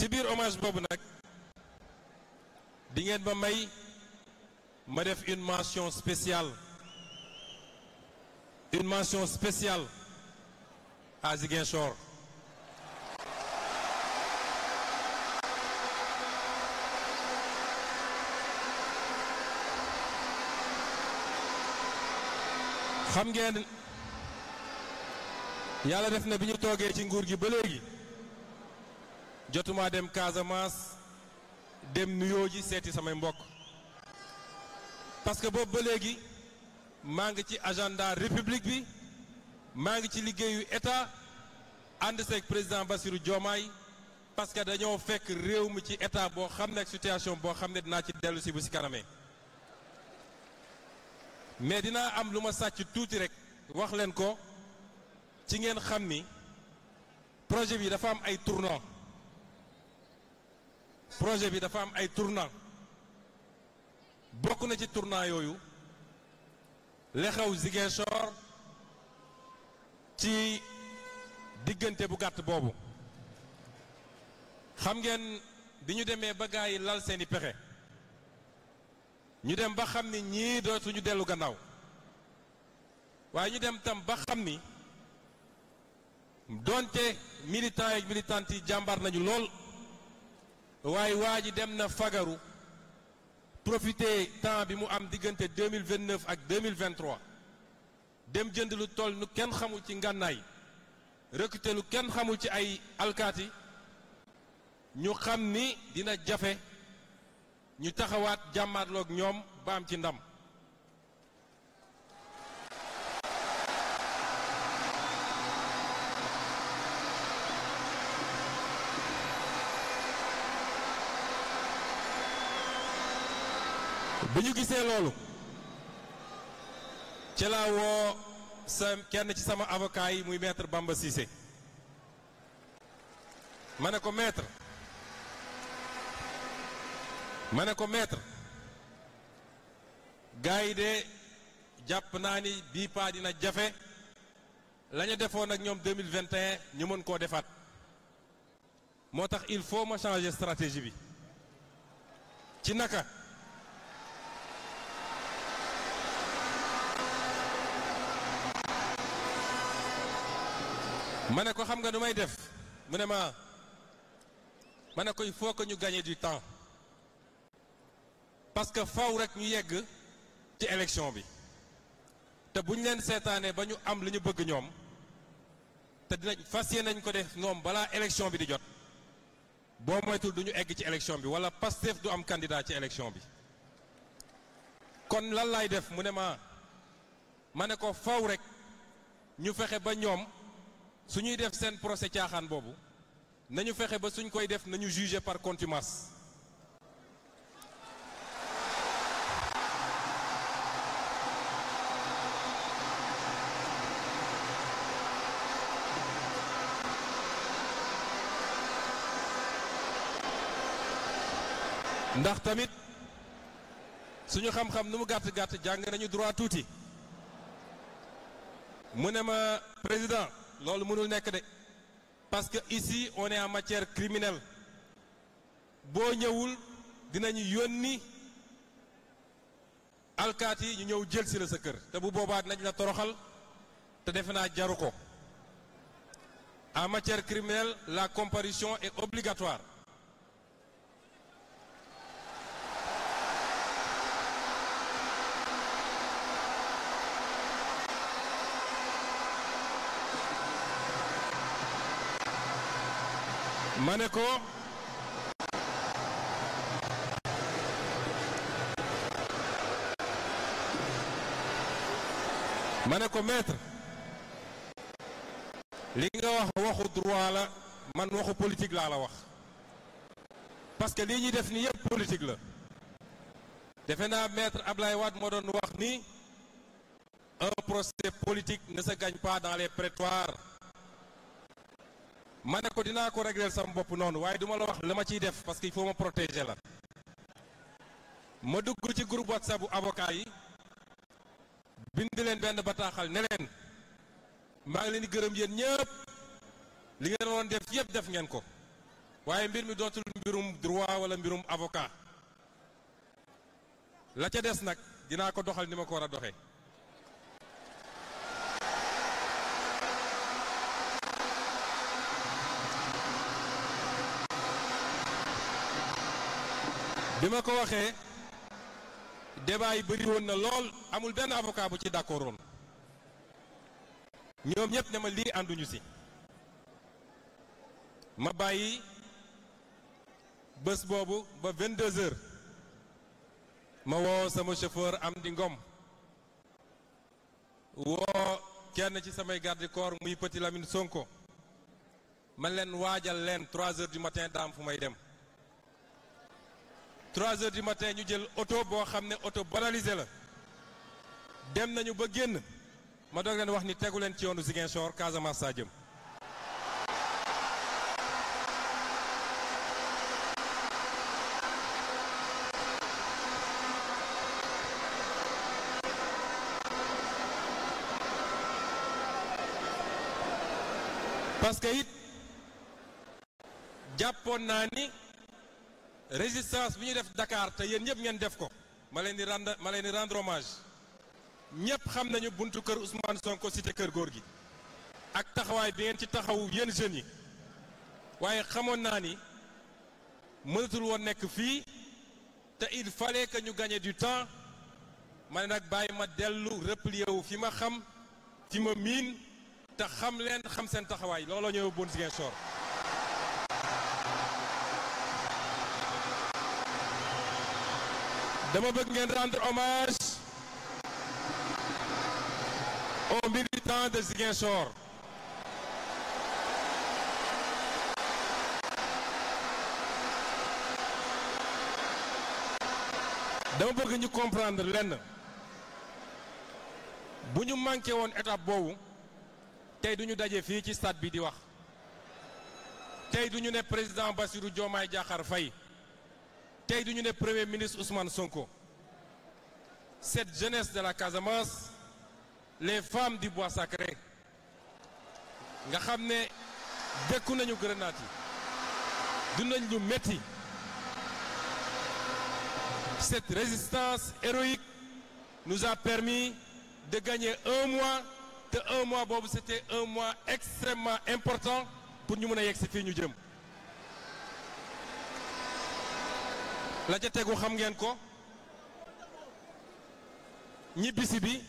ci biir hommage boobu nag di ngeen ma may ma def une mention spéciale une mention spéciale à Ziguinchor xam ngeen yàlla def na bi ñu toogee ci nguur gi ba léegi jotuma dem Casamance dem nuyoo ji seeti samay mbokk parce que boobu ba léegi maa ngi ci agenda république bi maa ngi ci liggéeyu état ànd président basiru Diomaye parce que dañoo fekk réew mi ci état boo xam ne ak situation boo xam ne dinaa ci dellu si bu si mais dinaa am lu ma sàcc tuuti rek wax leen ko ci ngeen xam ni projet bi dafa am ay tournant projet bi dafa am ay tournant bokk na ci tournant yooyu li xew Ziguinchor ci diggante bu gàtt boobu xam ngeen bi ñu demee ba gaa yi lal seeni pexe ñu dem ba xam ni ñii dootuñu dellu gannaaw waaye ñu dem tam ba xam ni doonte militants yi militantes yi jàmbar nañu lool waaye waa ji dem na fagaru profité temps bi mu am diggante deux mille vingt neuf ak deux mille vingt dem jënd lu toll nu kenn xamul ci ngànnaay recruté lu kenn xamul ci ay alkaati ñu xam ni dina jafe ñu taxawaat jàmmaarloog ñoom ba am ci ndam bu ñu gisee loolu ci laa sa kenn ci sama avocat yi muy maître Bamba Cissé ma ne ko maître ma ne ko maître gars yi de jàpp naa ni bii paa dina jafe la defoon ak ñoom 2021 ñu mën koo defaat moo tax il faut ma changer stratégie bi ci naka ma ne ko xam nga nu may def mu ne ma ma ne ko il faut ñu gagner di temps parce que faw rek ñu yegg ci élection bi te bu ñu leen seetaanee ba ñu am li ñu bëgg ñoom te dinañ fas yéene nañ ko def ñoom balaa élection bi di jot boo moytul du ñu egg ci élection bi wala Pastef du am candidat ci élection bi kon lan laay def mu ne ma ma ne ko faw rek ñu fexe ba ñoom. su ñuy def seen procès caaxaan boobu nañu fexe ba suñ koy def nañu juger par contumace ndax tamit suñu xam-xam nu mu gàtt-gàtt jàng nañu droit tuuti mu ne ma président loolu mënul nekk de parce que ici on est en matière criminelle boo ñëwul dinañu yónni alkaat yi ñu ñëw jël si la sa kër te bu boobaa dinañ la toroxal te defe naa jaru ko en matière criminelle la comparution est obligatoire ma ne ko ma ne ko maître li nga wax waxu droit la man waxu politique laa la wax parce que lii ñuy def ni yëpp politique la defe naa maître Ablaye wat moo doon wax ni un procès politique ne sa gagne pas dans les prétoires ma ne ko dinaa ko régler sama bopp noonu waaye duma la wax la ma ciy def parce que il ma protéger la ma dugg ci groupe whatsapp bu avocat yi bind leen benn bataaxal ne maa ngi leen di gërëm yéen ñëpp li ngeen waroon def yëpp def ngeen ko waaye mbir mi dootul mbirum droit wala mbirum avocat la ca des nag dinaa ko doxal ni ma ko war a doxee bi ma ko waxee débat yi bëri woon na lool amul benn avocat bu ci d'accord woon ñoom ñëpp ne ma lii ànduñu si ma bàyyi bés boobu ba 22 heures ma woo sama chauffeur am di ngom woo kenn ci samay garde muy Petit Lamine Sonko man leen waajal leen 3 heures du matin daam fu may dem trois heures du matin ñu jël oto boo xam ne oto banalisé la dem nañu ba génn ma doog wax ni tegu leen ci yoonu Ziguinchor Casamance saa jëm parce que it jàppoon naa ni résistance bi ñu def Dakar te yéen ñëpp ngeen def ko ma leen di rendre ma leen di rendre ñëpp xam nañu buntu kër Ousmane Sonko te kër góor gi ak taxawaay bi ngeen ci taxaw yéen jeunes yi waaye xamoon naa ni mënatul woon nekk fii te il fallait que ñu gañe du temps ma ne nag bàyyi ma dellu replier wu fi ma xam fi ma miin te xam leen xam seen taxawaay looloo ñëw bon Ziguinchor dama bëgg ngeen rendre hommage aux militants de Ziguinchor. dama bëgg ñu comprendre lenn bu ñu manqué woon étape boobu tey du ñu daje fii ci stade bi di wax tey du ñu ne président Bassirou Diomaye Diakhar Faye tey du ñu ne premier ministre Ousmane Sonko cette jeunesse de la Casamance les femmes du bois sacré nga xam ne dékku nañu grenade yi du nañ ñu métti cette résistance héroïque nous a permis de gagner un mois te un mois boobu c'était un mois extrêmement important pour ñu mën a yegg si fii ñu jëm la ca tegu xam ngeen ko ñibbisi bi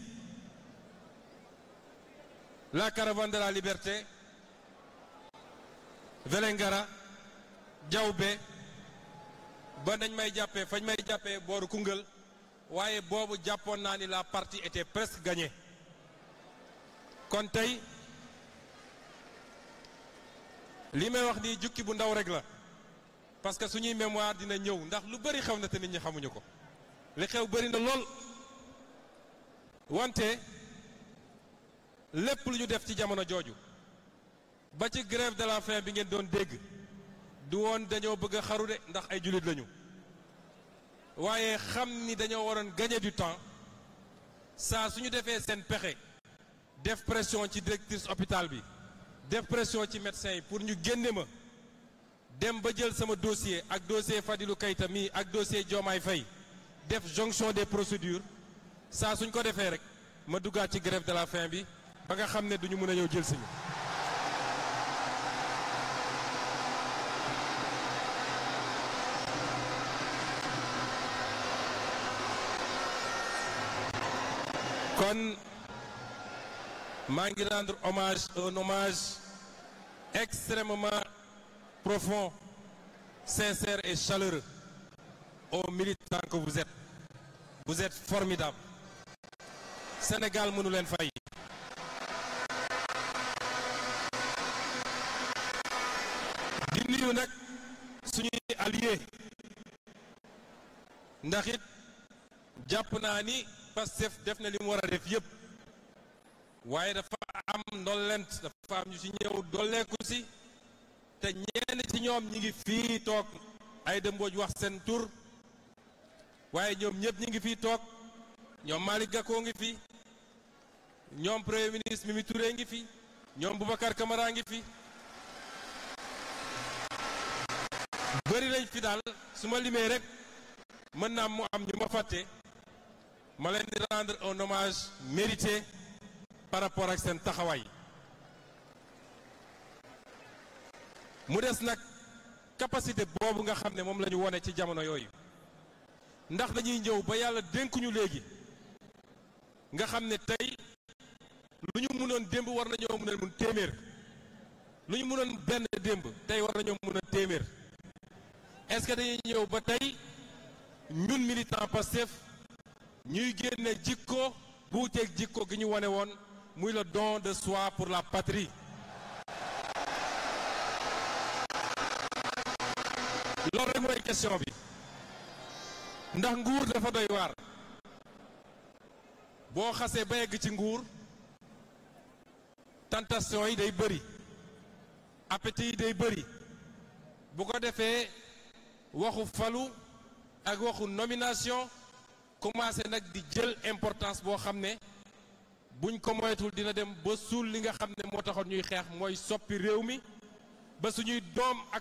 la caravane de la liberté Vélingara Diaoubé ba nañ may jàppee fañ may jàppee booru Koungheul waaye boobu jàppoon naa ni la parti était presque gagnée kon tey li may wax nii jukki bu ndaw rek la parce que suñuy mémoire dina ñëw ndax lu bëri xew na te nit ñi xamuñu ko li xew bëri na lool wante lépp lu ñu def ci jamono jooju ba ci grève de la faim bi ngeen doon dégg du woon dañoo bëgg a xaru de ndax ay jullit lañu waaye xam ni dañoo waroon gagner du temps saa suñu defee seen pexe def pression ci directrice hôpital bi def pression ci médecin yi pour ñu génne ma dem ba jël sama dossier ak dossier Fadilou Keita mii ak dossier Diomaye Faye def jonction des procédures saa suñ ko defee rek ma duggaat ci grève de la faim bi ba nga xam ne duñu mën a ñëw jël siñu kon maa ngi rendre hommage un hommage extrêmement profond, sincère et chaleureux aux militants que vous êtes. Vous êtes formidables. Sénégal mënu leen fay. di nuyu nag suñuy alliés ndax it jàpp naa ni Pastef def na limu mu war a def yëpp waaye dafa am ndollent dafa am ñu ci ñëw dolleeku si te ñenn ci ñoom ñi ngi fii toog ay dëmbooj wax seen tur waaye ñoom ñépp ñi ngi fii toog ñoom Malick Gakou ngi fi ñoom premier ministre Mimi Touré ngi fi ñoom Boubacar Camara ngi fi bëri lañ fi daal su ma limee rek mën naa mu am ñu ma fàtte ma leen di rendre un hommage mérité par rapport ak seen taxawaay mu des nag capacité boobu nga xam ne moom la ñu wone ci jamono yooyu ndax dañuy ñëw ba yàlla dénkuñu léegi nga xam ne tey lu ñu mënoon démb war nañoo mën a téeméer lu ñu mënoon benn démb tey war nañoo mën a téeméer est-ce que dañuy ñëw ba tey ñun militant Pastef ñuy génne jikko buuteeg jikko gi ñu wane woon muy le don de soi pour la patrie loolu rek mooy question bi ndax nguur dafa doy waar boo xasee ba yegg ci nguur tentation yi day bëri appétit yi day bëri bu ko defee waxu falu ak waxu nomination commencé nag di jël importance boo xam ne buñ ko moytul dina dem ba suul li nga xam ne moo taxoon ñuy xeex mooy soppi réew mi ba suñuy doom ak